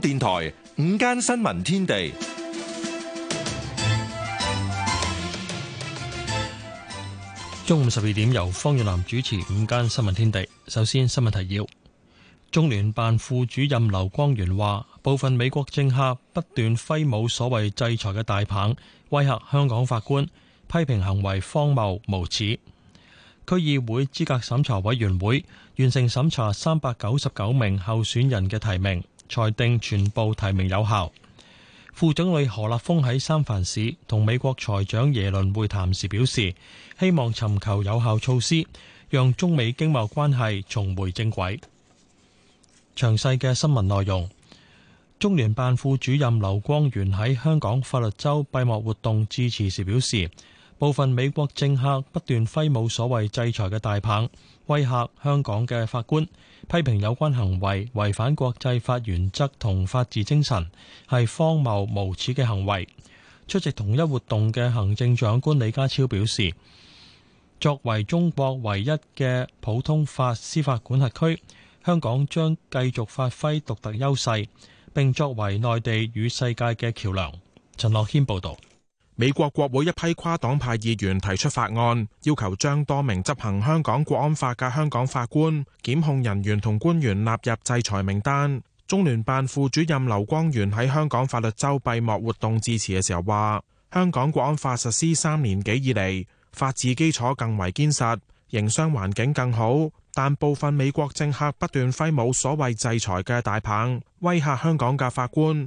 電台午間新聞天地中午十二點由方遠南主持。午間新聞天地，首先新聞提要：中聯辦副主任劉光源話，部分美國政客不斷揮舞所謂制裁嘅大棒，威嚇香港法官，批評行為荒謬無恥。區議會資格審查委員會完成審查三百九十九名候選人嘅提名。裁定全部提名有效。副總理何立峰喺三藩市同美國財長耶倫會談時表示，希望尋求有效措施，讓中美經貿關係重回正軌。詳細嘅新聞內容，中聯辦副主任劉光源喺香港法律週閉幕活動致辭時表示。部分美國政客不斷揮舞所謂制裁嘅大棒，威嚇香港嘅法官，批評有關行為違反國際法原則同法治精神，係荒謬無恥嘅行為。出席同一活動嘅行政長官李家超表示，作為中國唯一嘅普通法司法管轄區，香港將繼續發揮獨特優勢，並作為內地與世界嘅橋梁。陳樂軒報導。美國國會一批跨黨派議員提出法案，要求將多名執行香港國安法嘅香港法官、檢控人員同官員納入制裁名單。中聯辦副主任劉光源喺香港法律周閉幕活動致辭嘅時候話，香港國安法實施三年幾以嚟，法治基礎更為堅實，營商環境更好，但部分美國政客不斷揮舞所謂制裁嘅大棒，威嚇香港嘅法官。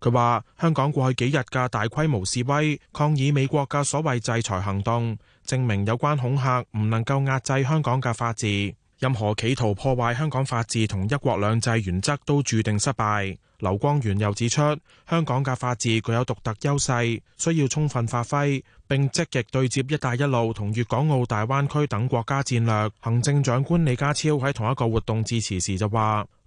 佢話：香港過去幾日嘅大規模示威，抗議美國嘅所謂制裁行動，證明有關恐嚇唔能夠壓制香港嘅法治。任何企圖破壞香港法治同一國兩制原則都註定失敗。劉光源又指出，香港嘅法治具有獨特優勢，需要充分發揮，並積極對接一帶一路同粵港澳大灣區等國家戰略。行政長官李家超喺同一個活動致辭時就話。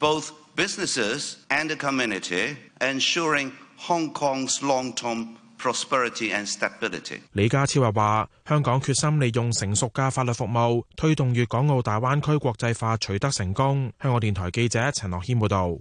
Both businesses and the community, ensuring Hong Kong's long-term prosperity and stability。李家超又話：香港決心利用成熟嘅法律服務，推動粵港澳大灣區國際化取得成功。香港電台記者陳樂謙報導。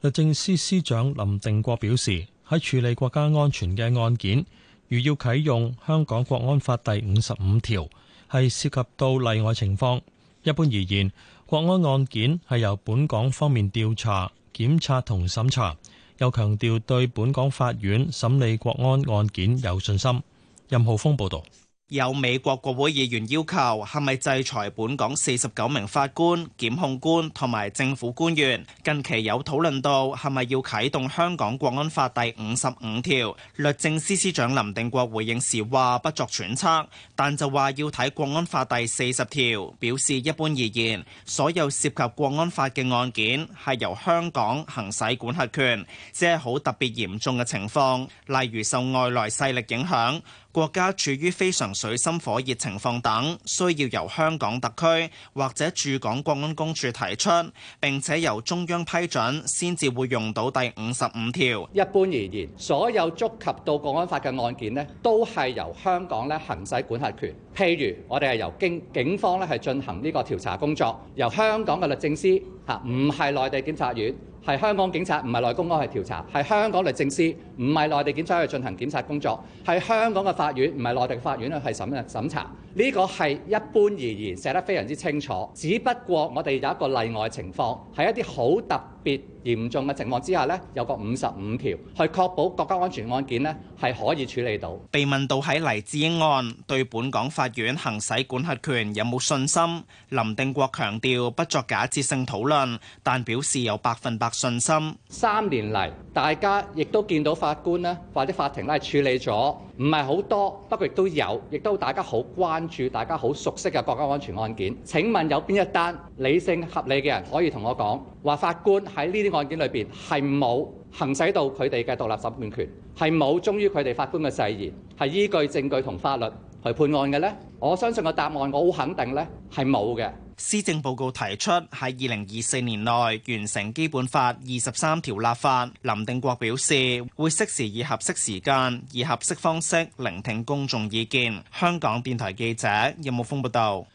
律政司司長林定國表示，喺處理國家安全嘅案件，如要啟用香港國安法第五十五條，係涉及到例外情況。一般而言，國安案件係由本港方面調查、檢察同審查，又強調對本港法院審理國安案件有信心。任浩峰報導。有美國國會議員要求係咪制裁本港四十九名法官、檢控官同埋政府官員？近期有討論到係咪要啟動香港國安法第五十五條。律政司司長林定國回應時話不作揣測，但就話要睇國安法第四十條，表示一般而言，所有涉及國安法嘅案件係由香港行使管轄權，即係好特別嚴重嘅情況，例如受外來勢力影響。國家處於非常水深火熱情況等，需要由香港特區或者駐港國安公署提出，並且由中央批准先至會用到第五十五條。一般而言，所有觸及到國安法嘅案件咧，都係由香港咧行使管轄權。譬如我哋係由警警方咧係進行呢個調查工作，由香港嘅律政司嚇，唔係內地檢察院。係香港警察，唔係內地公安去調查；係香港律政司，唔係內地檢察去進行檢察工作；係香港嘅法院，唔係內地法院去係審，審查。呢、這個係一般而言寫得非常之清楚。只不過我哋有一個例外情況，係一啲好特別。特別嚴重嘅情況之下咧，有個五十五條去確保國家安全案件咧，係可以處理到。被問到喺黎智英案對本港法院行使管轄權有冇信心，林定國強調不作假設性討論，但表示有百分百信心。三年嚟大家亦都見到法官咧或者法庭咧處理咗。唔係好多，不過亦都有，亦都大家好關注、大家好熟悉嘅國家安全案件。請問有邊一單理性合理嘅人可以同我講，話法官喺呢啲案件裏邊係冇行使到佢哋嘅獨立審判權，係冇忠於佢哋法官嘅誓言，係依據證據同法律去判案嘅呢？我相信個答案，我好肯定咧，係冇嘅。施政報告提出喺二零二四年內完成基本法二十三條立法。林定國表示，會適時以合適時間、以合適方式聆聽公眾意見。香港電台記者任武峰報導。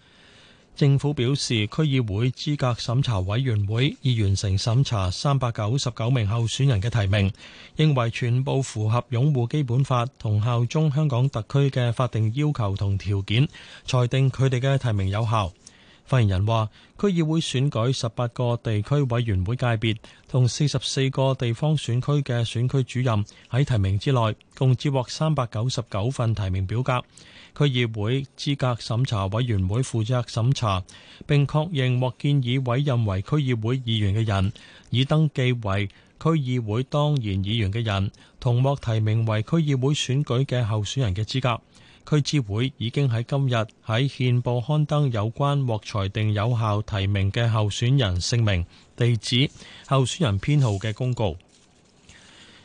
政府表示，區議會資格審查委員會已完成審查三百九十九名候選人嘅提名，認為全部符合擁護基本法同效忠香港特區嘅法定要求同條件，裁定佢哋嘅提名有效。發言人話，區議會選舉十八個地區委員會界別同四十四個地方選區嘅選區主任喺提名之內，共接獲三百九十九份提名表格。區議會資格審查委員會負責審查，並確認獲建議委任為區議會議員嘅人，已登記為區議會當然議員嘅人，同獲提名為區議會選舉嘅候選人嘅資格。區支會已經喺今日喺憲報刊登有關獲裁定有效提名嘅候選人姓名、地址、候選人編號嘅公告。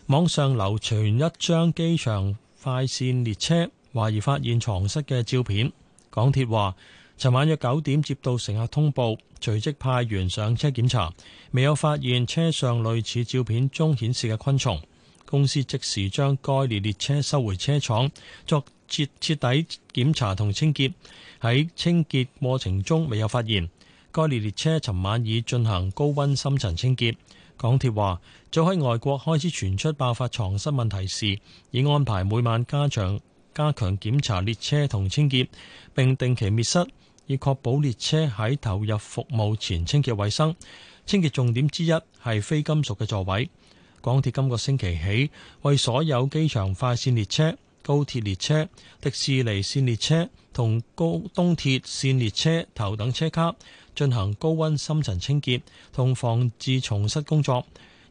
網上流傳一張機場快線列車懷疑發現藏室嘅照片，港鐵話，尋晚約九點接到乘客通報，隨即派員上車檢查，未有發現車上類似照片中顯示嘅昆蟲。公司即時將該列列車收回車廠作徹徹底檢查同清潔。喺清潔過程中未有發現，該列列車尋晚已進行高温深層清潔。港鐵話：早喺外國開始傳出爆發床蝨問題時，已安排每晚加強加強檢查列車同清潔，並定期滅蝨，以確保列車喺投入服務前清潔衞生。清潔重點之一係非金屬嘅座位。港鐵今個星期起，為所有機場快線列車、高鐵列車、迪士尼線列車同高東鐵線列車頭等車卡進行高温深層清潔同防治蟲蝨工作，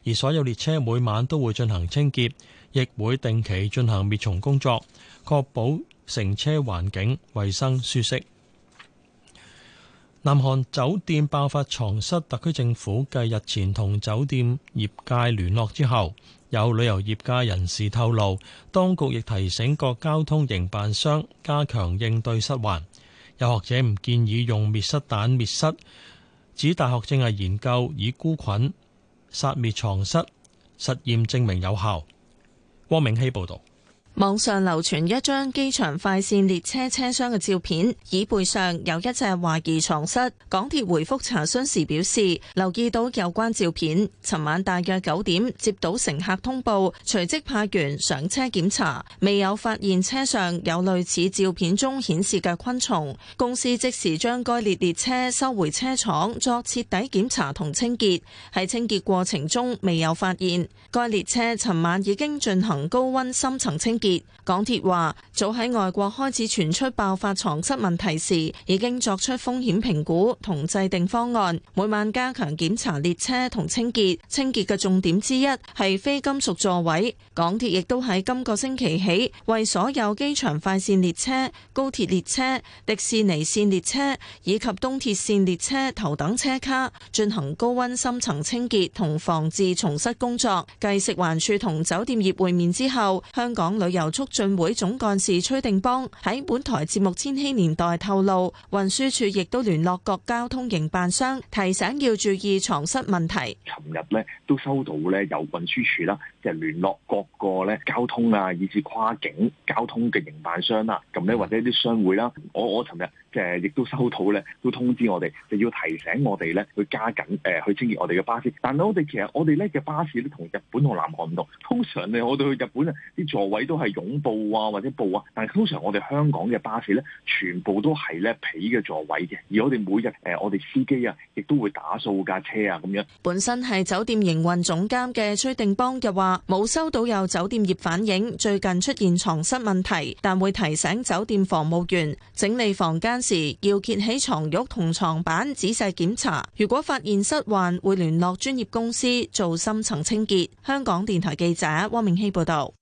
而所有列車每晚都會進行清潔，亦會定期進行滅蟲工作，確保乘車環境衞生舒適。南韓酒店爆發床蝨，特區政府繼日前同酒店業界聯絡之後，有旅遊業界人士透露，當局亦提醒各交通營辦商加強應對蝨患。有學者唔建議用滅蝨彈滅蝨，指大學正係研究以菇菌殺滅床蝨，實驗證明有效。汪明熙報導。網上流傳一張機場快線列車車廂嘅照片，椅背上有一隻懷疑床蝨。港鐵回復查詢時表示，留意到有關照片，尋晚大約九點接到乘客通報，隨即派員上車檢查，未有發現車上有類似照片中顯示嘅昆蟲。公司即時將該列列車收回車廠作徹底檢查同清潔，喺清潔過程中未有發現。該列車尋晚已經進行高溫深層清潔。港鐵話：早喺外國開始傳出爆發床蝨問題時，已經作出風險評估同制定方案，每晚加強檢查列車同清潔。清潔嘅重點之一係非金屬座位。港鐵亦都喺今個星期起，為所有機場快綫列車、高鐵列車、迪士尼綫列車以及東鐵綫列車頭等車卡進行高溫深層清潔同防治蟲蝨工作。繼食環署同酒店業會面之後，香港旅由促進會總幹事崔定邦喺本台節目《千禧年代》透露，運輸署亦都聯絡各交通營辦商，提醒要注意藏室問題。尋日咧都收到咧，有運輸署啦。即係聯絡各個咧交通啊，以至跨境交通嘅營辦商啊，咁咧或者啲商會啦。我我尋日即係亦都收到咧，都通知我哋，就要提醒我哋咧去加緊誒去清潔我哋嘅巴士。但係我哋其實我哋咧嘅巴士咧同日本同南韓唔同。通常咧我哋去日本啊，啲座位都係擁抱啊或者布啊。但係通常我哋香港嘅巴士咧，全部都係咧皮嘅座位嘅。而我哋每日誒我哋司機啊，亦都會打掃架車啊咁樣。本身係酒店營運總監嘅崔定邦嘅話。冇收到有酒店業反映最近出現床虱問題，但會提醒酒店房務員整理房間時要揭起床褥同床板仔細檢查，如果發現虱患，會聯絡專業公司做深層清潔。香港電台記者汪明熙報道。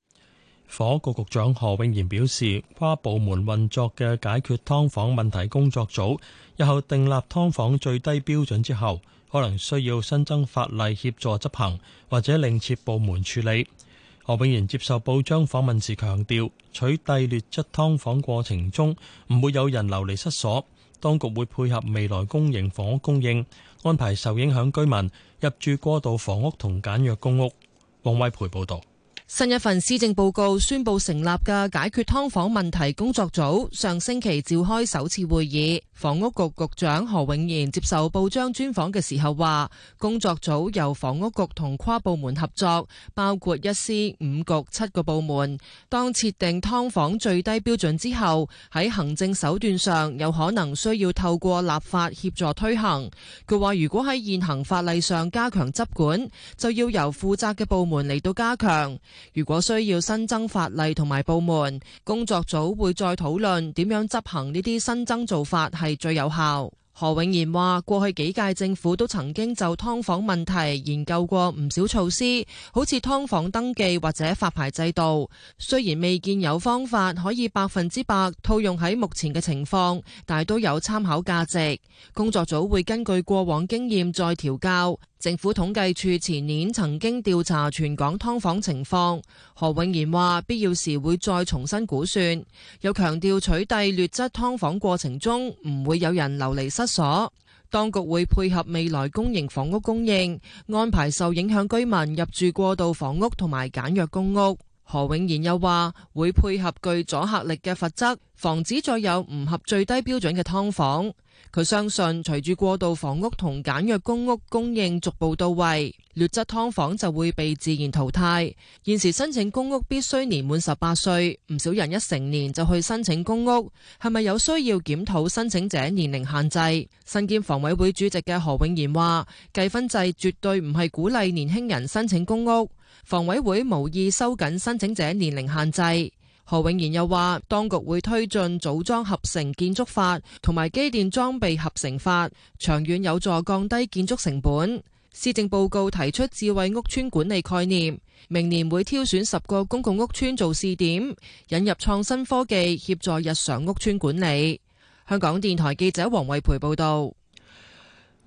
火局局長何永賢表示，跨部門運作嘅解決劏房問題工作組日後訂立劏房最低標準之後。可能需要新增法例協助執行，或者另設部門處理。何永賢接受報章訪問時強調取締劣質劏房，房過程中，唔會有人流離失所。當局會配合未來公營房屋供應安排，受影響居民入住過渡房屋同簡約公屋。黃惠培報道。新一份施政報告宣布成立嘅解決劏房問題工作組，上星期召開首次會議。房屋局局長何永賢接受報章專訪嘅時候話，工作組由房屋局同跨部門合作，包括一司五局七個部門。當設定㓥房最低標準之後，喺行政手段上有可能需要透過立法協助推行。佢話，如果喺現行法例上加強執管，就要由負責嘅部門嚟到加強。如果需要新增法例同埋部門，工作組會再討論點樣執行呢啲新增做法係最有效。何永賢話，過去幾屆政府都曾經就劏房問題研究過唔少措施，好似劏房登記或者發牌制度。雖然未見有方法可以百分之百套用喺目前嘅情況，但都有參考價值。工作組會根據過往經驗再調教。政府統計處前年曾經調查全港劏房情況，何永賢話必要時會再重新估算，又強調取締劣質劏房過程中唔會有人流離失所，當局會配合未來公營房屋供應安排受影響居民入住過渡房屋同埋簡約公屋。何永賢又話會配合具阻吓力嘅罰則，防止再有唔合最低標準嘅劏房。佢相信隨住過渡房屋同簡約公屋供應逐步到位，劣質劏房就會被自然淘汰。現時申請公屋必須年滿十八歲，唔少人一成年就去申請公屋，係咪有需要檢討申請者年齡限制？身兼房委會主席嘅何永賢話計分制絕對唔係鼓勵年輕人申請公屋。房委會無意收緊申請者年齡限制。何永賢又話，當局會推進組裝合成建築法同埋機電裝備合成法，長遠有助降低建築成本。施政報告提出智慧屋邨管理概念，明年會挑選十個公共屋邨做試點，引入創新科技協助日常屋邨管理。香港電台記者黃惠培報道。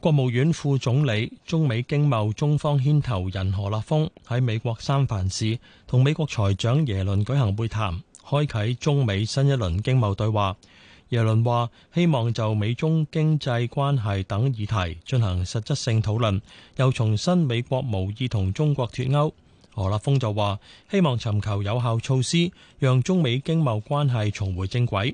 國務院副總理、中美經貿中方牽頭人何立峰喺美國三藩市同美國財長耶倫舉行會談，開啟中美新一輪經貿對話。耶倫話希望就美中經濟關係等議題進行實質性討論，又重申美國無意同中國脫鈎。何立峰就話希望尋求有效措施，讓中美經貿關係重回正軌。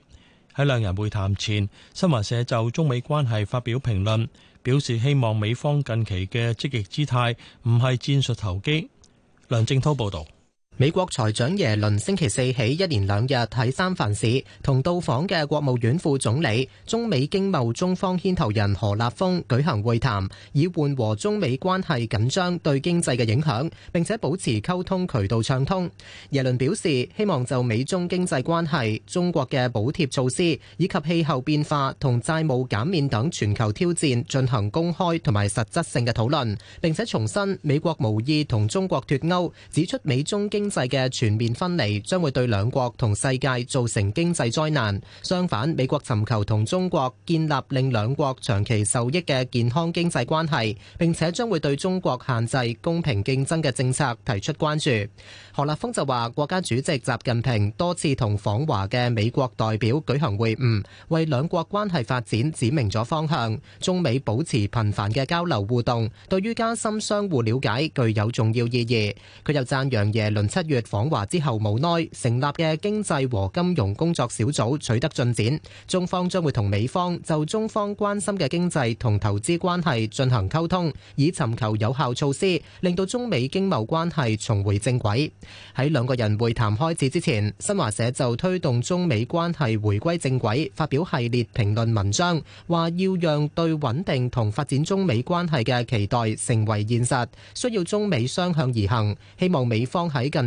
喺兩人會談前，新華社就中美關係發表評論。表示希望美方近期嘅積極姿態唔係戰術投機，梁正濤報道。美國財長耶倫星期四起一連兩日喺三藩市同到訪嘅國務院副總理、中美經貿中方牽頭人何立峰舉行會談，以緩和中美關係緊張對經濟嘅影響，並且保持溝通渠道暢通。耶倫表示希望就美中經濟關係、中國嘅補貼措施以及氣候變化同債務減免等全球挑戰進行公開同埋實質性嘅討論，並且重申美國無意同中國脱歐，指出美中經經濟嘅全面分離將會對兩國同世界造成經濟災難。相反，美國尋求同中國建立令兩國長期受益嘅健康經濟關係，並且將會對中國限制公平競爭嘅政策提出關注。何立峰就話，國家主席習近平多次同訪華嘅美國代表舉行會晤，為兩國關係發展指明咗方向。中美保持頻繁嘅交流互動，對於加深相互了解具有重要意義。佢又讚揚耶倫。七月訪華之後無奈成立嘅經濟和金融工作小組取得進展，中方將會同美方就中方關心嘅經濟同投資關係進行溝通，以尋求有效措施，令到中美經貿關係重回正軌。喺兩個人會談開始之前，新華社就推動中美關係回歸正軌發表系列評論文章，話要讓對穩定同發展中美關係嘅期待成為現實，需要中美雙向而行。希望美方喺近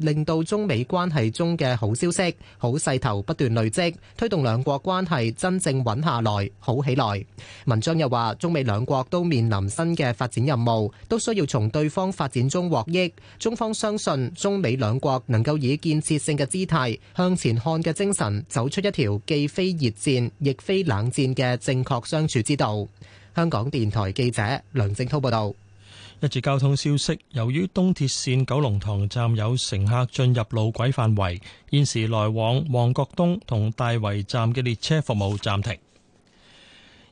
令到中美關係中嘅好消息、好勢頭不斷累積，推動兩國關係真正穩下來、好起來。文章又話，中美兩國都面臨新嘅發展任務，都需要從對方發展中獲益。中方相信，中美兩國能夠以建設性嘅姿態、向前看嘅精神，走出一條既非熱戰亦非冷戰嘅正確相處之道。香港電台記者梁正滔報道。一節交通消息，由於東鐵綫九龍塘站有乘客進入路軌範圍，現時來往旺角東同大圍站嘅列車服務暫停。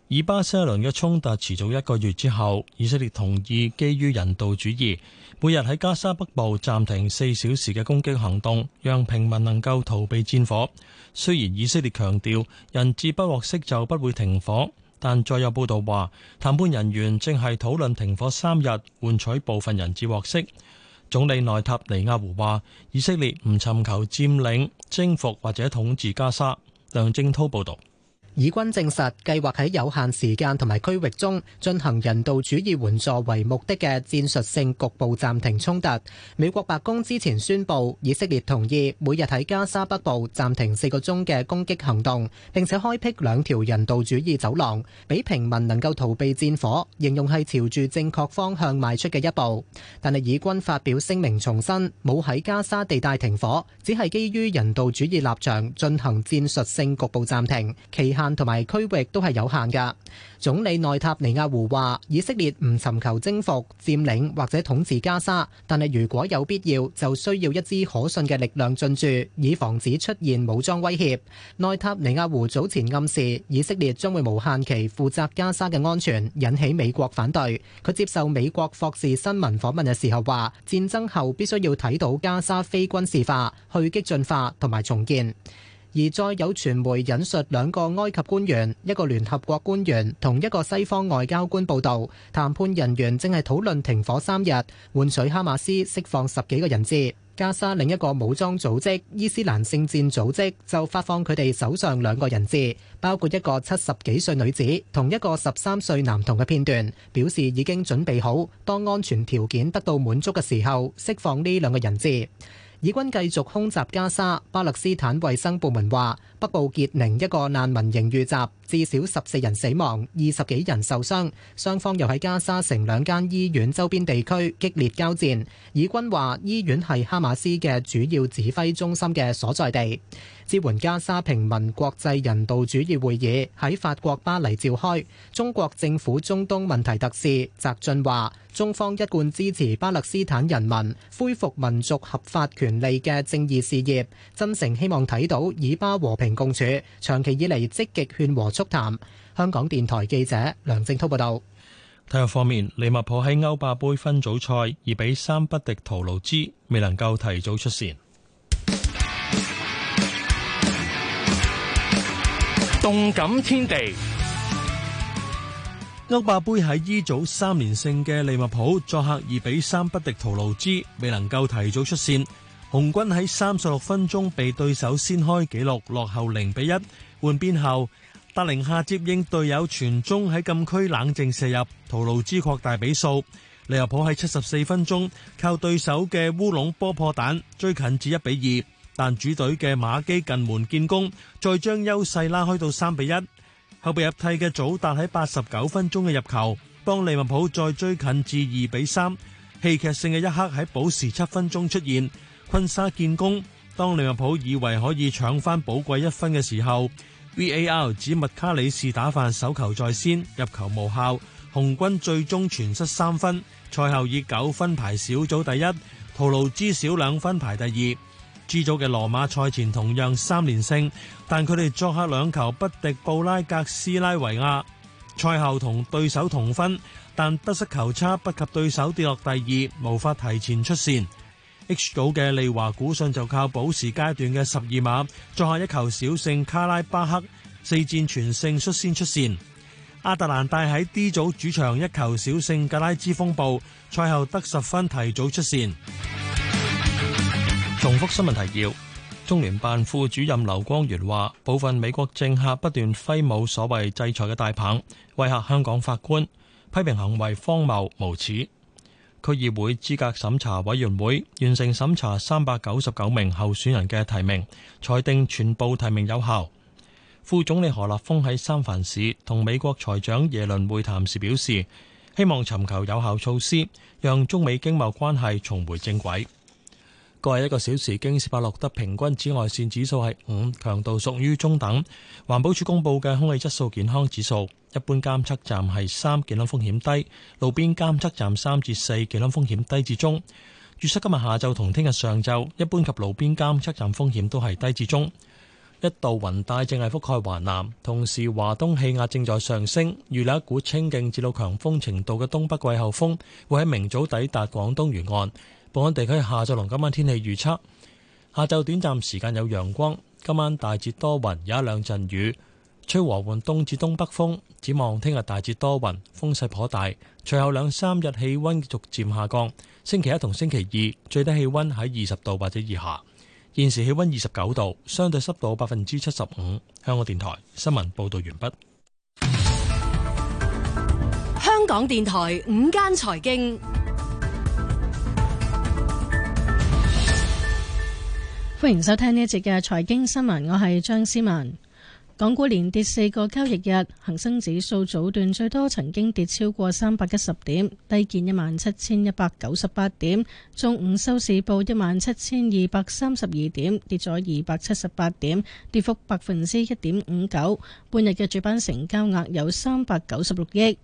以巴新一輪嘅衝突持續一個月之後，以色列同意基於人道主義，每日喺加沙北部暫停四小時嘅攻擊行動，讓平民能夠逃避戰火。雖然以色列強調，人質不獲釋就不會停火。但再有報道話談判人員正係討論停火三日，換取部分人質獲釋。總理內塔尼亞胡話，以色列唔尋求佔領征服或者統治加沙。梁正濤報道。以軍證實計劃喺有限時間同埋區域中進行人道主義援助為目的嘅戰術性局部暫停衝突。美國白宮之前宣布以色列同意每日喺加沙北部暫停四個鐘嘅攻擊行動，並且開闢兩條人道主義走廊，俾平民能夠逃避戰火，形容係朝住正確方向邁出嘅一步。但係以軍發表聲明重申，冇喺加沙地帶停火，只係基於人道主義立場進行戰術性局部暫停，旗下，同埋區域都係有限㗎。總理內塔尼亞胡話，以色列唔尋求征服、佔領或者統治加沙，但係如果有必要，就需要一支可信嘅力量進駐，以防止出現武裝威脅。內塔尼亞胡早前暗示，以色列將會無限期負責加沙嘅安全，引起美國反對。佢接受美國霍士新聞訪問嘅時候話，戰爭後必須要睇到加沙非軍事化、去激進化同埋重建。而再有傳媒引述兩個埃及官員、一個聯合國官員同一個西方外交官報導，談判人員正係討論停火三日，換取哈馬斯釋放十幾個人質。加沙另一個武裝組織伊斯蘭聖戰組織就發放佢哋手上兩個人質，包括一個七十幾歲女子同一個十三歲男童嘅片段，表示已經準備好，當安全條件得到滿足嘅時候釋放呢兩個人質。以軍繼續空襲加沙，巴勒斯坦衛生部門話，北部傑寧一個難民營遇襲，至少十四人死亡，二十幾人受傷。雙方又喺加沙城兩間醫院周邊地區激烈交戰。以軍話醫院係哈馬斯嘅主要指揮中心嘅所在地。支援加沙平民國際人道主義會議喺法國巴黎召開。中國政府中東問題特使翟俊話：中方一貫支持巴勒斯坦人民恢復民族合法權利嘅正義事業，真誠希望睇到以巴和平共處長期以嚟積極勸和促談。香港電台記者梁正滔報導。體育方面，利物浦喺歐霸杯分組賽二比三不敵圖盧茲，未能夠提早出線。動感天地。歐霸杯喺依組三連勝嘅利物浦作客二比三不敵圖盧茲，未能夠提早出線。紅軍喺三十六分鐘被對手先開紀錄，落後零比一。換邊後，達寧下接應隊友傳中喺禁區冷靜射入，陶魯茲擴大比數。利物浦喺七十四分鐘靠對手嘅烏龍波破蛋，追近至一比二。但主隊嘅馬基近門建功，再將優勢拉開到三比一。後備入替嘅祖達喺八十九分鐘嘅入球，幫利物浦再追近至二比三。戲劇性嘅一刻喺補時七分鐘出現。昆沙建功，當利物浦以為可以搶翻寶貴一分嘅時候，VAR 指麥卡里士打犯手球在先，入球無效，紅軍最終全失三分。賽後以九分排小組第一，圖盧茲少兩分排第二。G 組嘅羅馬賽前同樣三連勝，但佢哋作客兩球不敵布拉格斯拉維亞，賽後同對手同分，但得失球差不及對手跌落第二，無法提前出線。H 組嘅利華古信就靠補時階段嘅十二碼作下一球小勝，卡拉巴克四戰全勝率先出線。亞特蘭大喺 D 組主場一球小勝格拉茲風暴，賽後得十分提早出線。重複新聞提要：中聯辦副主任劉光源話，部分美國政客不斷揮舞所謂制裁嘅大棒，威嚇香港法官，批評行為荒謬無恥。區議會資格審查委員會完成審查三百九十九名候選人嘅提名，裁定，全部提名有效。副總理何立峰喺三藩市同美國財長耶倫會談時表示，希望尋求有效措施，讓中美經貿關係重回正軌。過去一個小時，京士柏錄得平均紫外線指數係五，強度屬於中等。環保署公佈嘅空氣質素健康指數，一般監測站係三，健康風險低，路邊監測站三至四，健康風險低至中。預測今日下晝同聽日上晝，一般及路邊監測站風險都係低至中。一度雲帶正係覆蓋華南，同時華東氣壓正在上升，預料一股清勁至到強風程度嘅東北季候風會喺明早抵達廣東沿岸。本港地區下晝同今晚天氣預測：下晝短暫時間有陽光，今晚大致多雲，有一兩陣雨，吹和緩東至東北風。展望聽日大致多雲，風勢頗大。隨後兩三日氣溫逐漸下降，星期一同星期二最低氣溫喺二十度或者以下。現時氣溫二十九度，相對濕度百分之七十五。香港電台新聞報道完畢。香港電台午間財經。歡迎收聽呢一節嘅財經新聞，我係張思文。港股連跌四個交易日，恒生指數早段最多曾經跌超過三百一十點，低見一萬七千一百九十八點。中午收市報一萬七千二百三十二點，跌咗二百七十八點，跌幅百分之一點五九。半日嘅主板成交額有三百九十六億。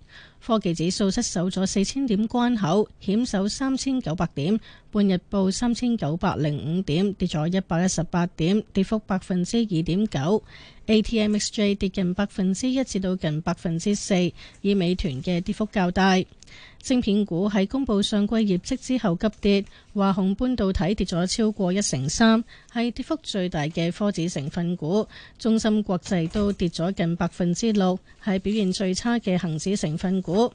科技指數失守咗四千點關口，險守三千九百點，半日報三千九百零五點，跌咗一百一十八點，跌幅百分之二點九。ATMXJ 跌近百分之一至到近百分之四，以美團嘅跌幅較大。芯片股喺公布上季業績之後急跌，華虹半導體跌咗超過一成三，係跌幅最大嘅科指成分股；中芯國際都跌咗近百分之六，係表現最差嘅恒指成分股。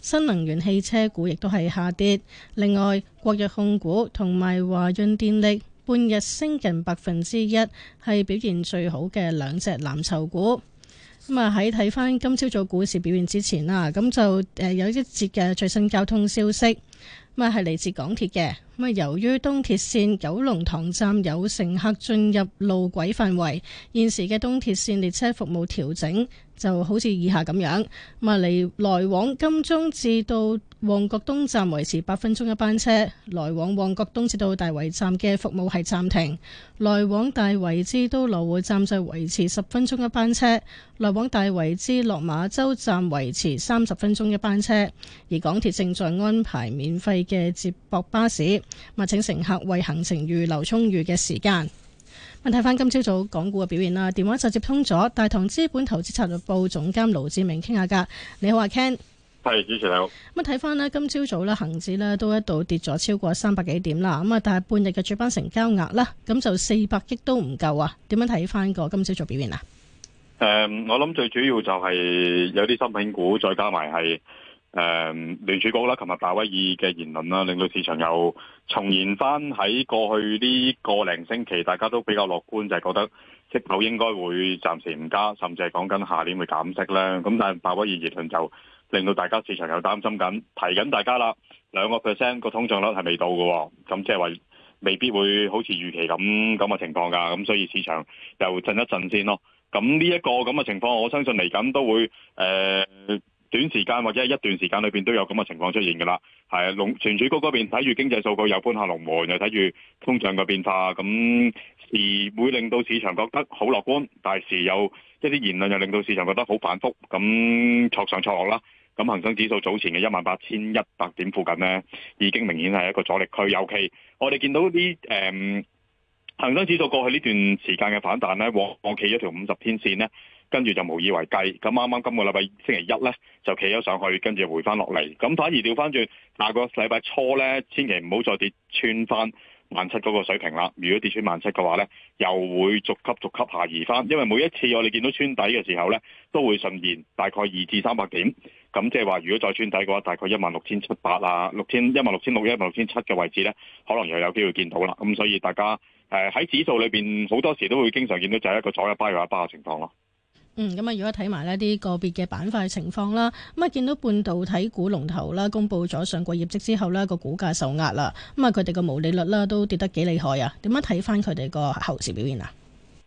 新能源汽車股亦都係下跌，另外國藥控股同埋華潤電力半日升近百分之一，係表現最好嘅兩隻藍籌股。咁啊，喺睇翻今朝早股市表現之前啦，咁、嗯、就誒有一節嘅最新交通消息，咁啊係嚟自港鐵嘅。咁啊！由於東鐵線九龍塘站有乘客進入路軌範圍，現時嘅東鐵線列車服務調整就好似以下咁樣。咁啊，嚟來往金鐘至到旺角東站維持八分鐘一班車；來往旺角東至到大圍站嘅服務係暫停；來往大圍至到羅湖站就維持十分鐘一班車；來往大圍至落馬洲站維持三十分鐘一班車。而港鐵正在安排免費嘅接駁巴士。請乘客為行程預留充裕嘅時間。咁睇翻今朝早，早港股嘅表現啦，電話就接通咗大同資本投資策略部總監盧志明傾下噶。你好，阿 Ken。係主持，你好。咁睇翻咧，今朝早咧恒指呢都一度跌咗超過三百幾點啦。咁啊，但係半日嘅主板成交額啦，咁就四百億都唔夠啊。點樣睇翻個今朝早，早表現啊？誒、嗯，我諗最主要就係有啲芯片股，再加埋係。誒聯儲局啦，琴日鮑威爾嘅言論啦，令到市場又重現翻喺過去呢個零星期，大家都比較樂觀，就係覺得息口應該會暫時唔加，甚至係講緊下年會減息啦。咁但係鮑威爾言論就令到大家市場又擔心緊，提緊大家啦，兩個 percent 個通脹率係未到嘅，咁即係話未必會好似預期咁咁嘅情況㗎。咁所以市場又震一震先咯。咁呢一個咁嘅情況，我相信嚟緊都會誒。短時間或者一段時間裏邊都有咁嘅情況出現㗎啦，係啊，聯儲局嗰邊睇住經濟數據有搬下龍門，又睇住通脹嘅變化，咁時會令到市場覺得好樂觀，但係時有一啲言論又令到市場覺得好反覆，咁挫上挫落啦。咁恒生指數早前嘅一萬八千一百點附近呢，已經明顯係一個阻力區。尤其我哋見到啲誒恆生指數過去呢段時間嘅反彈呢，往往企咗條五十天線呢。跟住就無以為繼咁。啱啱今個禮拜星期一呢，就企咗上去，跟住回翻落嚟。咁反而調翻轉下個禮拜初呢，千祈唔好再跌穿翻萬七嗰個水平啦。如果跌穿萬七嘅話呢，又會逐級逐級，逐級下移翻，因為每一次我哋見到穿底嘅時候呢，都會順延大概二至三百點咁。即係話，如果再穿底嘅話，大概一萬六千七百啊、六千一萬六千六、一萬六千七嘅位置呢，可能又有機會見到啦。咁所以大家誒喺、呃、指數裏邊好多時都會經常見到就係一個左一巴右一巴嘅情況咯。嗯，咁啊，如果睇埋呢啲個別嘅板塊情況啦，咁啊見到半導體股龍頭啦，公布咗上季業績之後呢個股價受壓啦，咁啊佢哋個毛利率啦都跌得幾厲害啊。點樣睇翻佢哋個後市表現啊？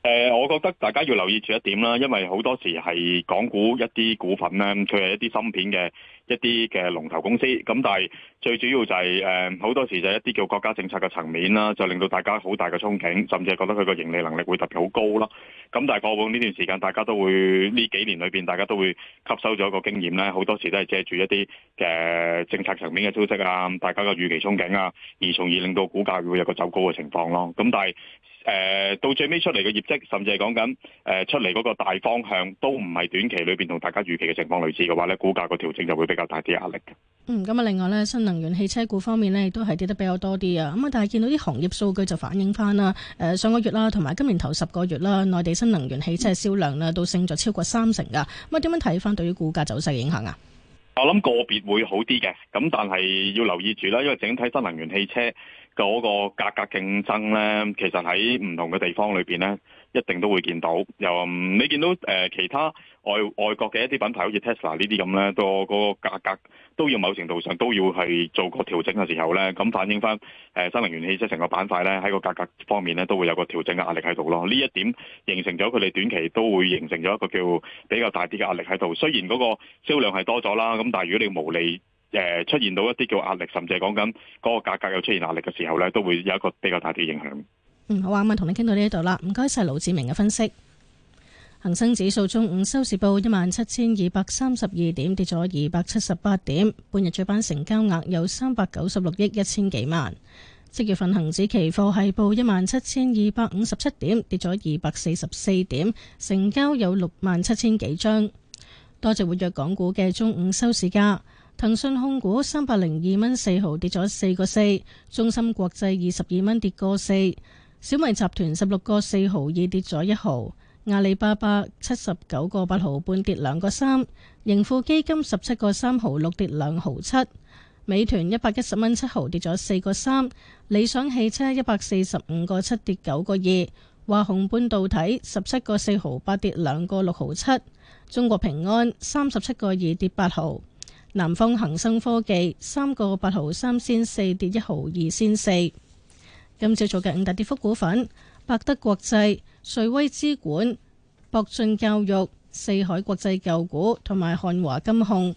誒、呃，我覺得大家要留意住一點啦，因為好多時係港股一啲股份咧，佢係一啲芯片嘅一啲嘅龍頭公司。咁但係最主要就係、是、誒，好多時就一啲叫國家政策嘅層面啦，就令到大家好大嘅憧憬，甚至係覺得佢個盈利能力會特別好高咯。咁但係過往呢段時間，大家都會呢幾年裏邊，大家都會吸收咗一個經驗咧，好多時都係借住一啲嘅政策層面嘅消息啊，大家嘅預期憧憬啊，而從而令到股價會有個走高嘅情況咯。咁但係。誒，到最尾出嚟嘅業績，甚至係講緊，誒出嚟嗰個大方向都唔係短期裏邊同大家預期嘅情況類似嘅話咧，股價個調整就會比較大啲壓力嘅。嗯，咁啊，另外咧，新能源汽車股方面咧，亦都係跌得比較多啲啊。咁啊，但係見到啲行業數據就反映翻啦，誒、呃、上個月啦，同埋今年頭十個月啦，內地新能源汽車嘅銷量咧都升咗超過三成噶。咁啊，點樣睇翻對於股價走勢影響啊？我諗個別會好啲嘅，咁但係要留意住啦，因為整體新能源汽車。嗰個價格競爭咧，其實喺唔同嘅地方裏邊咧，一定都會見到。又你見到誒、呃、其他外外國嘅一啲品牌，好似 Tesla 呢啲咁咧，個、那個價格都要某程度上都要去做個調整嘅時候咧，咁反映翻誒新能源汽車成個板塊咧，喺個價格方面咧，都會有個調整嘅壓力喺度咯。呢一點形成咗佢哋短期都會形成咗一個叫比較大啲嘅壓力喺度。雖然嗰個銷量係多咗啦，咁但係如果你無利。誒，出現到一啲叫壓力，甚至係講緊嗰個價格有出現壓力嘅時候呢，都會有一個比較大嘅影響。嗯，好啊，咁啊，同你傾到呢度啦。唔該晒，盧志明嘅分析。恒生指數中午收市報一萬七千二百三十二點，跌咗二百七十八點。半日主板成交額有三百九十六億一千幾萬。即月份恒指期貨係報一萬七千二百五十七點，跌咗二百四十四點，成交有六萬七千幾張。多隻活躍港股嘅中午收市價。騰訊控股三百零二蚊四毫跌咗四個四，中芯國際二十二蚊跌個四，小米集團十六個四毫二跌咗一毫，阿里巴巴七十九個八毫半跌兩個三，盈富基金十七個三毫六跌兩毫七，美團一百一十蚊七毫跌咗四個三，理想汽車一百四十五個七跌九個二，華虹半導體十七個四毫八跌兩個六毫七，中國平安三十七個二跌八毫。南方恒生科技三個八毫三仙四跌一毫二仙四。今朝做嘅五大跌幅股份：百德國際、瑞威資管、博進教育、四海國際舊股同埋漢華金控。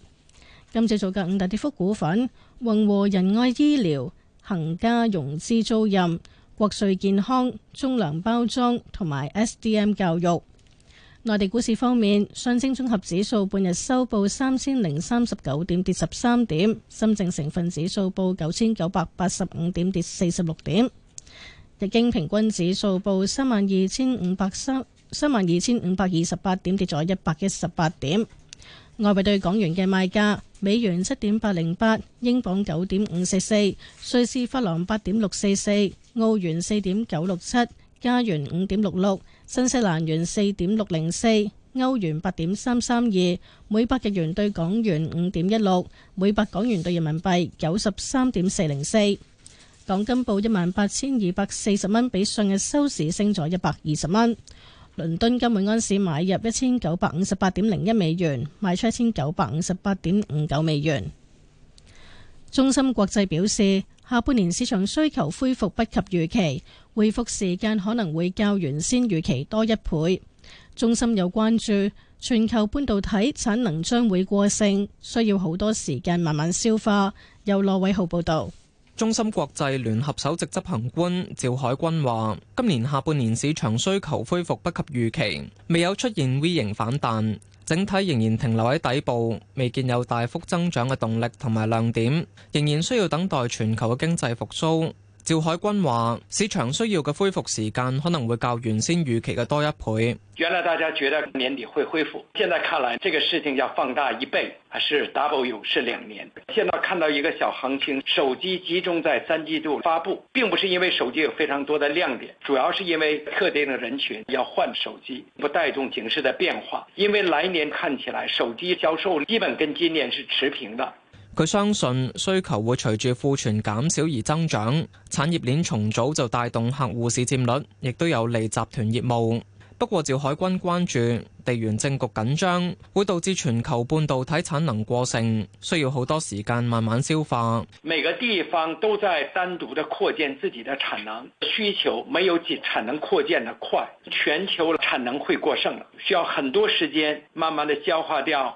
今朝做嘅五大跌幅股份：宏和仁愛醫療、恒家融資租賃、國稅健康、中糧包裝同埋 SDM 教育。內地股市方面，上證綜合指數半日收報三千零三十九點，跌十三點；深證成分指數報九千九百八十五點，跌四十六點；日經平均指數報三萬二千五百三三萬二千五百二十八點，跌咗一百一十八點。外幣對港元嘅賣價：美元七點八零八，英鎊九點五四四，瑞士法郎八點六四四，澳元四點九六七，加元五點六六。新西蘭元四點六零四，歐元八點三三二，每百日元兌港元五點一六，每百港元兌人民幣九十三點四零四。港金報一萬八千二百四十蚊，比上日收市升咗一百二十蚊。倫敦金每安士買入一千九百五十八點零一美元，賣出一千九百五十八點五九美元。中芯國際表示，下半年市場需求恢復不及預期。恢復時間可能會較原先預期多一倍。中心有關注，全球半導體產能將會過剩，需要好多時間慢慢消化。由羅偉浩報導。中心國際聯合首席執行官趙海軍話：今年下半年市場需求恢復不及預期，未有出現 V 型反彈，整體仍然停留喺底部，未見有大幅增長嘅動力同埋亮點，仍然需要等待全球嘅經濟復甦。趙海軍話：市場需要嘅恢復時間可能會較原先預期嘅多一倍。原來大家覺得年底會恢復，現在看來，這個事情要放大一倍，還是 W 是兩年。現在看到一個小行情，手機集中在三季度發布，並不是因為手機有非常多的亮點，主要是因為特定的人群要換手機，不帶動形勢的變化。因為來年看起來，手機銷售基本跟今年是持平的。佢相信需求會隨住庫存減少而增長，產業鏈重組就帶動客戶市佔率，亦都有利集團業務。不過，趙海軍關注地緣政局緊張，會導致全球半導體產能過剩，需要好多時間慢慢消化。每個地方都在單獨的擴建自己的產能，需求沒有產能擴建得快，全球產能會過剩，需要很多時間慢慢的消化掉。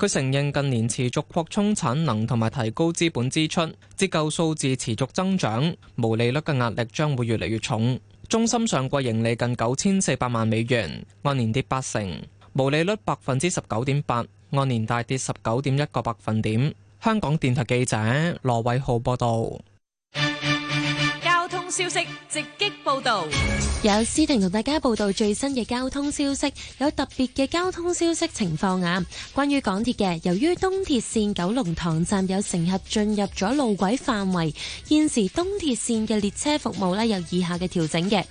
佢承認近年持續擴充產能同埋提高資本支出，折舊數字持續增長，毛利率嘅壓力將會越嚟越重。中心上季盈利近九千四百萬美元，按年跌八成，毛利率百分之十九點八，按年大跌十九點一個百分點。香港電台記者羅偉浩報道。消息直擊報道，有司婷同大家報道最新嘅交通消息，有特別嘅交通消息情況啊！關於港鐵嘅，由於東鐵線九龍塘站有乘客進入咗路軌範圍，現時東鐵線嘅列車服務呢有以下嘅調整嘅：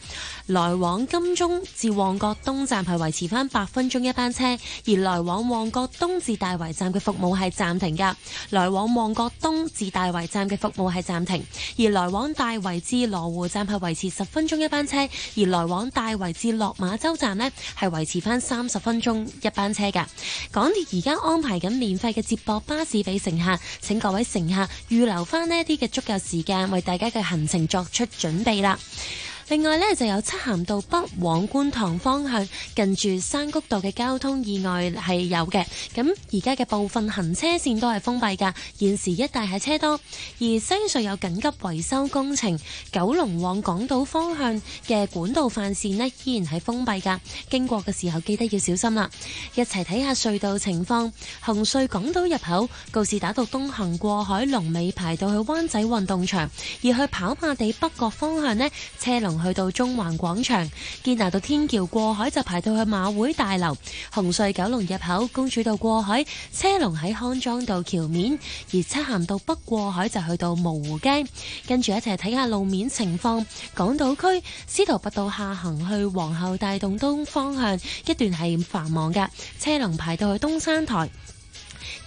來往金鐘至旺角東站係維持翻八分鐘一班車，而來往旺角東至大圍站嘅服務係暫停噶；來往旺角東至大圍站嘅服務係暫停,停，而來往大圍至朗。湖站係維持十分鐘一班車，而來往大圍至落馬洲站呢，係維持翻三十分鐘一班車㗎。港鐵而家安排緊免費嘅接駁巴士俾乘客，請各位乘客預留翻呢一啲嘅足夠時間，為大家嘅行程作出準備啦。另外咧，就有漆咸道北往觀塘方向近住山谷道嘅交通意外係有嘅。咁而家嘅部分行車線都係封閉噶，現時一帶係車多。而西隧有緊急維修工程，九龍往港島方向嘅管道範線呢依然係封閉噶，經過嘅時候記得要小心啦。一齊睇下隧道情況。紅隧港島入口告士打道東行過海，龍尾排到去灣仔運動場，而去跑馬地北角方向呢，車龍。去到中環廣場，堅拿道天橋過海就排到去馬會大樓，紅隧九龍入口公主道過海車龍喺康莊道橋面，而漆咸道北過海就去到蕪湖街，跟住一齊睇下路面情況。港島區司徒拔道下行去皇后大道東方向一段係繁忙嘅車龍排到去東山台。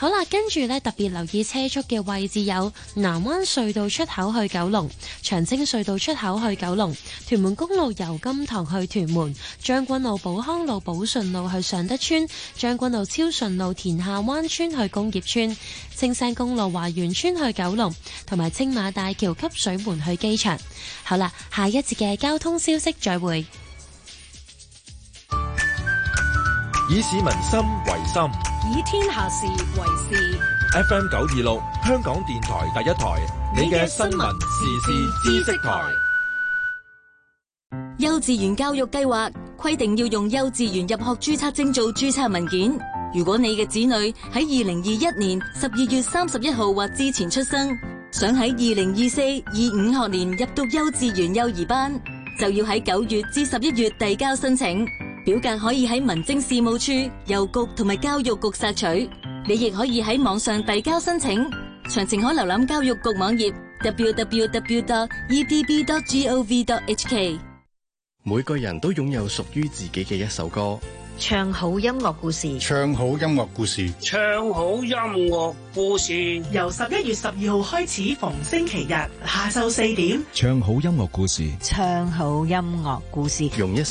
好啦，跟住咧，特別留意車速嘅位置有南灣隧道出口去九龍、長青隧道出口去九龍、屯門公路由金堂去屯門、將軍路、寶康路、寶順路去尚德村、將軍路、超順路、田下灣村去工業村、青山公路華園村去九龍，同埋青馬大橋汲水門去機場。好啦，下一節嘅交通消息再會，以市民心為心。以天下事為事。FM 九二六，香港電台第一台，你嘅新聞時事知識台。幼稚園教育計劃規定要用幼稚園入學注冊證做注冊文件。如果你嘅子女喺二零二一年十二月三十一號或之前出生，想喺二零二四、二五學年入讀幼稚園幼兒班，就要喺九月至十一月遞交申請。表格可以喺民政事務處郵局同埋教育局索取，你亦可以喺網上遞交申請。詳情可瀏覽教育局網頁 www.edb.gov.hk。每個人都擁有屬於自己嘅一首歌，唱好音樂故事，唱好音樂故事，唱好音樂故事。由十一月十二號開始逢星期日下晝四點，唱好音樂故事，唱好音樂故事，唱好音樂故事用一。